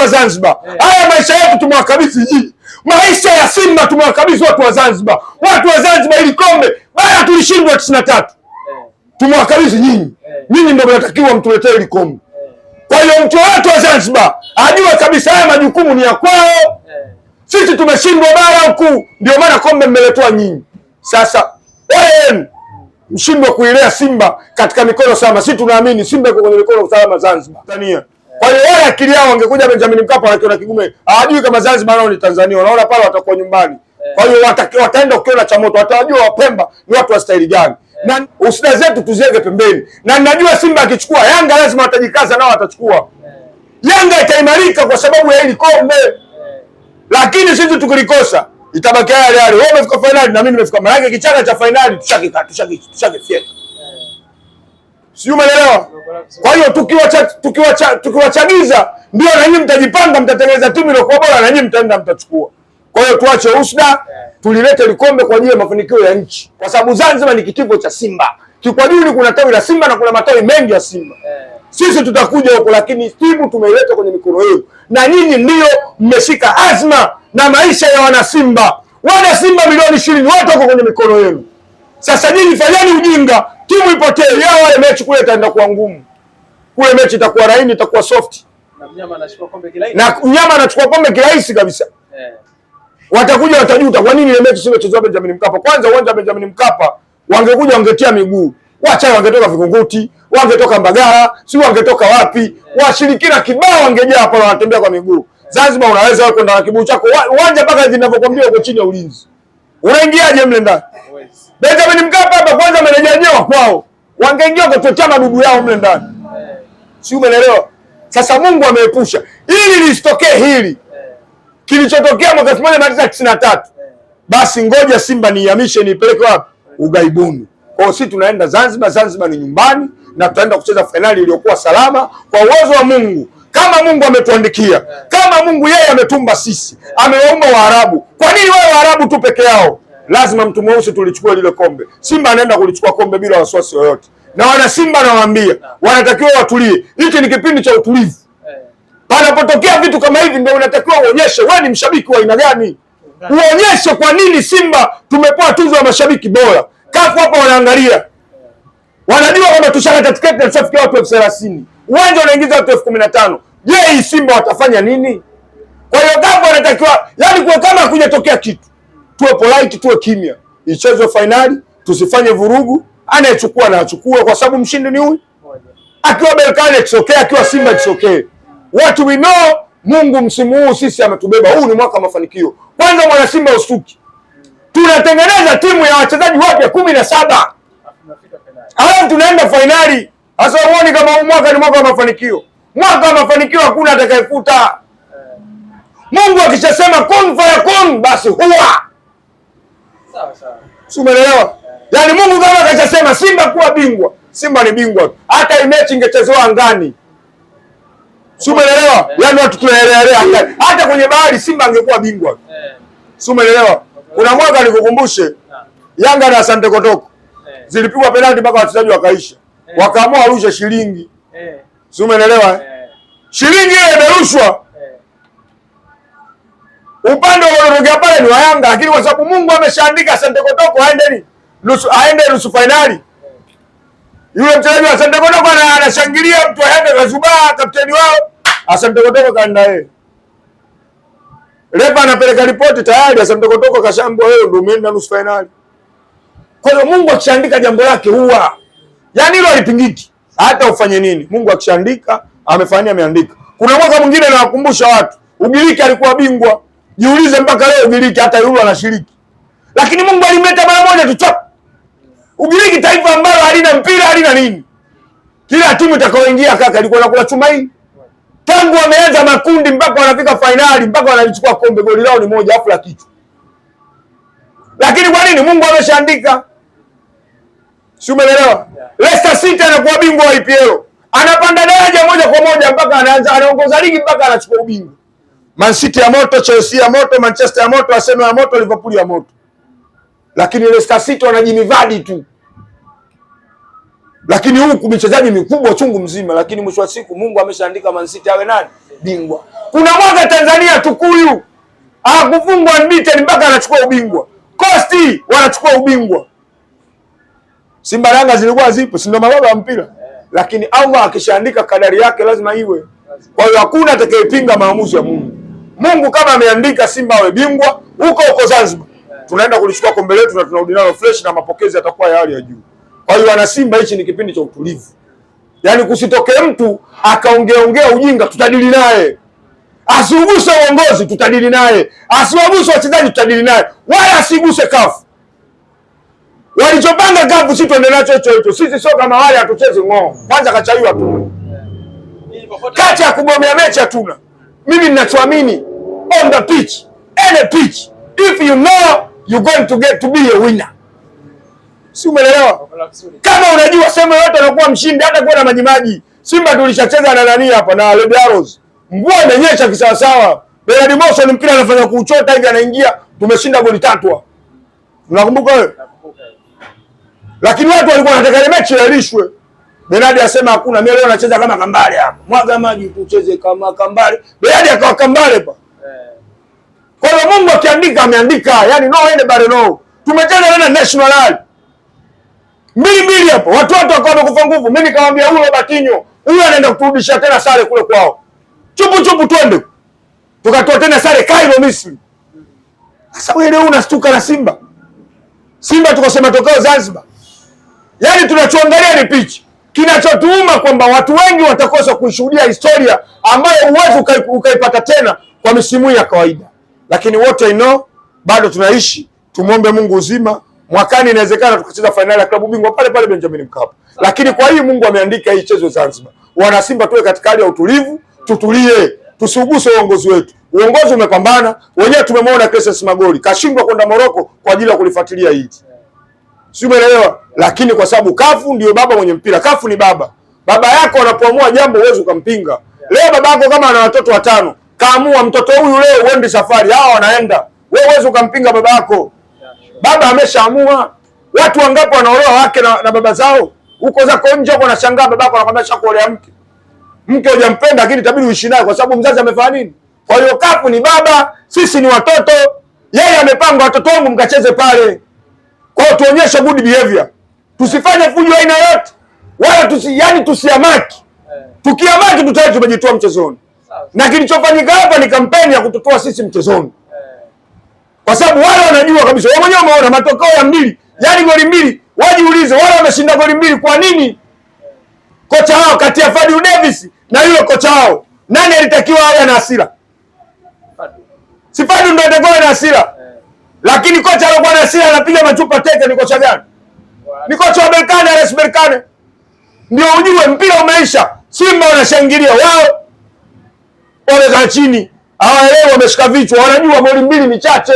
wa Zanzibar. Haya maisha yetu tumewakabidhi jiji, maisha ya Simba tumewakabidhi watu wa Zanzibar. Watu wa Zanzibar, ili kombe baya tulishindwa tisini na tatu, tumewakabidhi nyinyi. Nyinyi ndio mnatakiwa mtuletee ili kombe. Kwa hiyo mtu watu wa Zanzibar ajue kabisa haya majukumu ni ya kwao. Sisi tumeshindwa bara huku, ndio maana kombe mmeletwa nyinyi. Sasa wenu mshindwe kuilea Simba katika mikono salama. Sisi tunaamini Simba iko kwenye mikono salama Zanzibar, Tanzania. Kwa hiyo wale akili yao wangekuja Benjamin Mkapa wakiona Kigume, hawajui kama Zanzibar nao ni Tanzania, wanaona pale watakuwa nyumbani. Eh. Kwa hiyo wataenda kukiona cha moto, watajua Wapemba ni watu wa staili gani. Eh. Na usida zetu tuziweke pembeni, na ninajua Simba akichukua Yanga lazima watajikaza, nao watachukua. Eh. Yanga itaimarika kwa sababu ya hili kombe, lakini sisi tukilikosa itabaki yale yale. Wewe umefika finali na mimi nimefika, maana kichana cha finali tushakikata, tushakifyeka sijui umeelewa? Kwa hiyo tukiwachagiza tukiwa tukiwa ndio na nyinyi mtajipanga, mtatengeneza timu iliyokuwa bora na nyinyi mtaenda mtachukua. Kwa hiyo tuache usda, tulilete likombe kwa ajili ya mafanikio ya nchi, kwa sababu Zanzibar ni kitivo cha Simba. Kikwajuni kuna tawi la Simba na kuna matawi mengi ya Simba. Sisi tutakuja huko, lakini timu tumeileta kwenye mikono yenu, na nyinyi ndio mmeshika azma na maisha ya wanasimba. Wanasimba milioni ishirini wote wako kwenye mikono yenu. Sasa nyinyi fanyeni ujinga timu ipotee yao, wale mechi kule itaenda kuwa ngumu, kule mechi itakuwa laini, itakuwa soft na mnyama anachukua kombe kirahisi, na kabisa yeah. Watakuja watajuta kwa nini ile mechi sio mchezo wa Benjamin Mkapa. Kwanza uwanja wa Benjamin Mkapa wangekuja wangetia miguu wacha, wangetoka Vikunguti, wangetoka Mbagala, si wangetoka wapi yeah. Washirikina kibao wangejaa hapa, wanatembea kwa miguu yeah. Zanzibar unaweza wewe kwenda na kibuu chako uwanja mpaka zinavyokwambia uko chini ya ulinzi, unaingiaje mle ndani? Benjamin Mkapa hapa kwanza wa kwao, wangeingia kutotea madudu yao mle ndani, si umeelewa? Sasa Mungu ameepusha ili lisitokee hili kilichotokea mwaka elfu moja mia tisa tisini na tatu. Basi ngoja Simba niihamishe niipeleke wapi? Ugaibuni. Kwa hiyo sisi tunaenda Zanzibar. Zanzibar ni nyumbani na tutaenda kucheza fainali iliyokuwa salama kwa uwezo wa Mungu, kama Mungu ametuandikia, kama Mungu yeye ametumba sisi, amewaumba Waarabu. Kwa nini wao Waarabu tu peke yao? lazima mtu mweusi tulichukue lile kombe. Simba anaenda kulichukua kombe bila wasiwasi yoyote, na wana Simba nawaambia wanatakiwa watulie. Hiki ni kipindi cha utulivu. Eh. Panapotokea vitu kama hivi, ndio unatakiwa uonyeshe wewe ni mshabiki wa aina gani, uonyeshe kwa nini Simba tumepewa tuzo ya mashabiki bora. Kafu hapa wanaangalia, eh. wanajua kwamba tushakata tiketi na tushafikia watu elfu thelathini uwanja unaingiza watu elfu kumi na tano Je, hii Simba watafanya nini? Kwa hiyo Kafu anatakiwa yani, kwa kama hakujatokea kitu tuwe polite, tuwe kimya, ichezwe fainali, tusifanye vurugu, anayechukua anachukua, kwa sababu mshindi ni huyu. Akiwa Berkane it's akiwa Simba it's What we know, Mungu msimu huu sisi ametubeba, huu ni mwaka wa mafanikio. Kwanza mwana Simba usuki, tunatengeneza timu ya wachezaji wapya kumi na saba halafu tunaenda fainali. Sasa uone kama huu mwaka ni mwaka wa mafanikio? Mwaka wa mafanikio hakuna atakayefuta. Mungu akishasema kun fayakun, basi huwa umeelewa? Yaani Mungu kama kachasema Simba kuwa bingwa, Simba ni bingwa tu, hata hii mechi ingechezewa angani, umeelewa? Yaani watu tunaelelea angani, hata kwenye bahari Simba angekuwa bingwa tu, umeelewa? Kuna mwaka nikukumbushe, Yanga na Asante Kotoko zilipigwa penalti mpaka wachezaji wakaisha, wakaamua warusha shilingi, si umeelewa? Eh? Shilingi ile imerushwa upande wa unaotokea pale ni wa Yanga, lakini kwa sababu Mungu ameshaandika Asante Kotoko aende ni nusu aende nusu finali. Yule mchezaji wa Asante Kotoko anashangilia, mtu aende Yanga kazubaa, kapteni wao Asante ah, Kotoko kaenda yeye. Refa anapeleka ripoti tayari, Asante Kotoko kashambua, wewe ndio umeenda nusu finali. Kwa hiyo Mungu akishaandika jambo lake huwa yaani hilo halipingiki, hata ufanye nini. Mungu akishaandika amefanyia ameandika. Kuna mwaka mwingine nawakumbusha watu, Ugiriki alikuwa bingwa Jiulize mpaka leo Ugiriki hata yule anashiriki. Lakini Mungu alimleta mara moja tu chop. Ugiriki taifa ambalo halina mpira, halina nini. Kila timu itakayoingia kaka ilikuwa inakula hii. Tangu wameanza makundi mpaka wanafika fainali mpaka wanalichukua kombe, goli lao ni moja afu la kichwa. Lakini kwa nini? Mungu ameshaandika. Si umeelewa? Leicester City anakuwa bingwa wa IPL. Anapanda daraja moja kwa moja mpaka anaanza anaongoza ligi mpaka anachukua ubingwa. Man City ya moto, Chelsea ya moto, Manchester ya moto, Arsenal ya moto, Liverpool ya moto, lakini Leicester City wanajimivadi tu. Lakini huku michezaji mikubwa chungu mzima, lakini mwisho wa siku Mungu ameshaandika Man City awe nani bingwa. Kuna mwaka Tanzania Tukuyu hakufungwa unbeaten mpaka anachukua ubingwa, Kosti wanachukua ubingwa, Simba Yanga zilikuwa zipo, si ndio mababa wa mpira? Lakini Allah akishaandika kadari yake lazima iwe. Kwa hiyo hakuna atakayepinga maamuzi ya Mungu. Mungu kama ameandika Simba awe bingwa huko huko Zanzibar, tunaenda kulichukua kombe letu na tunarudi nalo fresh na mapokezi yatakuwa ya hali ya juu. Kwa hiyo wana Simba, hichi ni kipindi cha utulivu, yaani kusitoke mtu akaongea ongea ujinga, tutadili naye asiguse uongozi tutadili naye, asiwaguse wachezaji tutadili naye, wala asiguse kafu. Walichopanga kafu si tuende nacho hicho hicho. Sisi sio kama wale, hatuchezi ng'oo. Kwanza kachaiwa tu kati ya kubomea mechi hatuna. Mimi ninachoamini on the pitch, any pitch. If you know you're going to get to be a winner. Si umeelewa? Kama unajua sema yote anakuwa mshindi hata kuwa na maji maji. Simba tulishacheza na nani hapa na Red Arrows. Mvua imenyesha kisawasawa. Bernard Mosho ni mpira anafanya kuuchota hivi anaingia, tumeshinda goli tatu. Unakumbuka wewe? Lakini watu walikuwa wanataka ile mechi iahirishwe. Bernard asema hakuna, mimi leo nacheza kama kambale hapa. Mwaga maji tucheze kama kambale. Bernard akawa kambale hapa. Kwa hiyo Mungu akiandika ameandika, yani no ende bare no. Tumecheza na national hali mbili mbili hapo, watu wote wakawa wamekufa nguvu. Mimi nikamwambia huyo Batinyo, huyo anaenda kuturudisha tena sare kule kwao, chupu chupu, twende tukatoa tena sare Cairo, Misri. Sasa wewe leo unastuka na Simba, Simba tukasema tokao Zanzibar. Yaani tunachoangalia ni pichi kinachotuuma kwamba watu wengi watakosa kuishuhudia historia ambayo huwezi ukaipata ukai tena kwa misimu ya kawaida, lakini what I know bado tunaishi. Tumwombe Mungu uzima. Mwakani inawezekana tukacheza fainali ya klabu bingwa pale pale Benjamin Mkapa, lakini kwa hii Mungu ameandika hii chezo Zanzibar. Simba tuwe katika hali ya utulivu, tutulie, tusiuguse uongozi wetu. Uongozi umepambana wenyewe, tumemwona Clatous Magoli kashindwa kwenda Moroko kwa ajili ya kulifuatilia hili, si umeelewa? Lakini kwa sababu kafu ndio baba mwenye mpira, kafu ni baba baba yako, anapoamua jambo huwezi ukampinga. Leo babako kama ana watoto watano kaamua mtoto huyu leo uende safari, hawa wanaenda, wewe uweze ukampinga baba yako. Baba ameshaamua. Watu wangapi wanaolewa wake na, na baba zao? Huko zako nje huko anashangaa babako anakwambia shakuolea mke, mke hujampenda, lakini itabidi uishi naye kwa sababu mzazi amefanya nini? Kwa hiyo kafu ni baba, sisi ni watoto. Yeye amepanga watoto wangu mkacheze pale. Kwa hiyo tuonyeshe good behavior, tusifanye fujo aina yote wala tusi, yani tusiamaki. Eh. Tukiamaki tutaje tumejitoa mchezoni na kilichofanyika hapa ni kampeni ya kututoa sisi mchezoni, kwa sababu wale wanajua kabisa, wao wenyewe wameona matokeo ya mbili, yani goli mbili. Wajiulize, wale wameshinda goli mbili, kwa nini kocha wao kati ya Fadlu Davis na yule kocha wao, nani alitakiwa awe na hasira? Si Fadlu ndio atakuwa na hasira, lakini kocha alikuwa na hasira, anapiga machupa teke. Ni kocha gani? Ni kocha wa Berkane, RS Berkane. Ndio ujue mpira umeisha. Simba wanashangilia wao wamekaa chini, hawaelewi, wameshika vichwa, wanajua goli mbili ni chache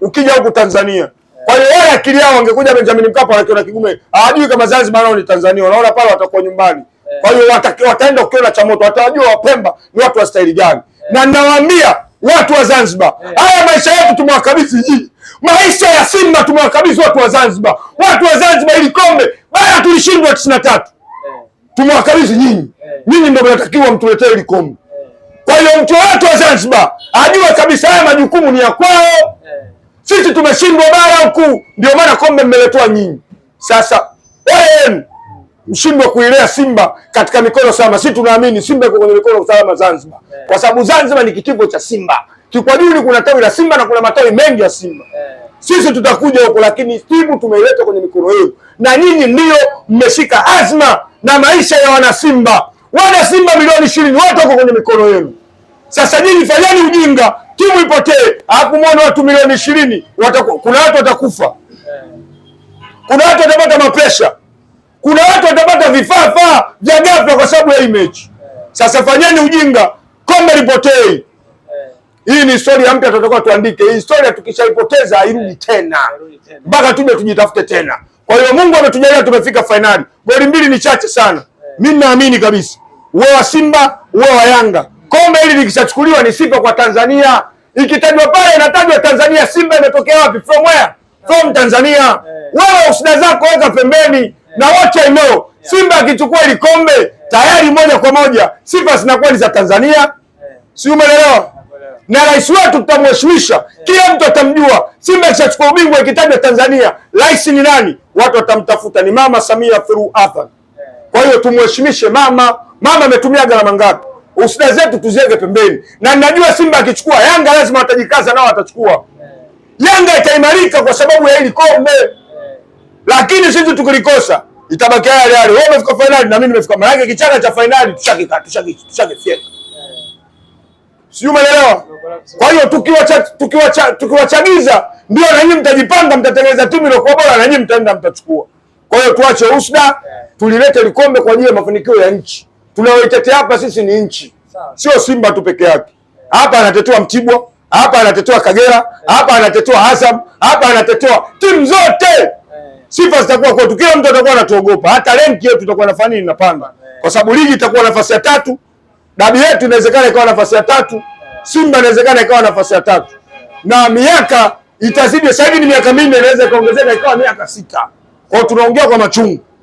ukija huku Tanzania. Kwa hiyo wale akili yao wangekuja Benjamin Mkapa wanakiona Kigume, hawajui kama Zanzibar nao ni Tanzania, wanaona pale watakuwa nyumbani. Kwa hiyo wataenda kukiona cha moto, watajua Wapemba ni watu wa staili gani, na ninawaambia watu wa Zanzibar, haya maisha yetu tumewakabidhi hii maisha ya Simba tumewakabidhi watu wa Zanzibar. Watu wa Zanzibar ili kombe baya tulishindwa tisini na tatu, tumewakabidhi nyinyi. Nyinyi ndio mnatakiwa mtuletee ili kombe. Kwa hiyo mtu wote wa Zanzibar ajue kabisa haya majukumu ni ya kwao. Sisi tumeshindwa bara huku, ndio maana kombe mmeletwa nyinyi. Sasa wewe mshindwe kuilea Simba katika mikono salama. Sisi tunaamini Simba iko kwenye mikono salama Zanzibar, kwa sababu Zanzibar ni kitivo cha Simba. Kikwajuni kuna tawi la Simba na kuna matawi mengi ya Simba. Sisi tutakuja huko, lakini timu tumeileta kwenye mikono yenu, na nyinyi ndiyo mmeshika azma na maisha ya wanasimba Wana Simba milioni ishirini watu wako kwenye mikono yenu. Sasa nyinyi fanyeni ujinga, timu ipotee, alafu watu milioni ishirini. Kuna watu watakufa, kuna watu watapata mapresha, kuna watu watapata vifaa vya ghafla kwa sababu ya hii mechi. Sasa fanyeni ujinga, kombe lipotee. Hii ni historia mpya, tutakuwa tuandike hii historia. Tukishaipoteza hairudi tena, mpaka tuje tujitafute tena. Kwa hiyo Mungu ametujalia, tumefika fainali, goli mbili ni chache sana. Eh. Mimi naamini kabisa uwe wa Simba uwe wa Yanga. Kombe hili likishachukuliwa ni sifa kwa Tanzania, ikitajwa pale inatajwa Tanzania. Simba imetokea wapi? From where? From Tanzania. Eh. Wewe usida zako weka pembeni eh. na wote I know Simba akichukua hili kombe tayari moja kwa moja sifa zinakuwa ni za Tanzania, eh. si umeelewa? Na rais wetu tutamheshimisha, kila mtu atamjua. Simba ikishachukua ubingwa ikitajwa Tanzania, rais ni nani? Watu watamtafuta ni Mama Samia Suluhu Hassan. Kwa hiyo tumheshimishe mama. Mama ametumia gharama ngapi? Usida zetu tuziweke pembeni, na ninajua Simba akichukua Yanga lazima watajikaza nao, watachukua Yanga itaimarika kwa sababu ya hili kombe, lakini sisi tukilikosa itabaki yale yale. Wewe umefika fainali na mimi nimefika, maana yake kichana cha finali tushakikata, tushakifyeka, sijui umeelewa? Kwa hiyo tukiwacha tukiwacha tukiwachagiza, ndio na nyinyi mtajipanga, mtatengeneza timu ile kwa bora, na nyinyi mtaenda mtachukua. Kwa hiyo tuache usda tulilete likombe kwa ajili ya mafanikio ya nchi. Tunaoitetea hapa sisi ni nchi, sio Simba tu peke yake. Hapa anatetea Mtibwa, hapa anatetea Kagera, eh. hapa anatetea Azam, hapa anatetea timu zote. Eh. Sifa zitakuwa kwa tukio, mtu atakuwa anatuogopa, hata renki yetu itakuwa nafanya nini, inapanda eh. kwa sababu ligi itakuwa nafasi ya tatu, dabi yetu inawezekana ikawa nafasi ya tatu, Simba inawezekana ikawa nafasi ya tatu, na miaka itazidi. Sasa hivi ni miaka minne, inaweza ikaongezeka ikawa miaka sita. Kwao tunaongea kwa machungu.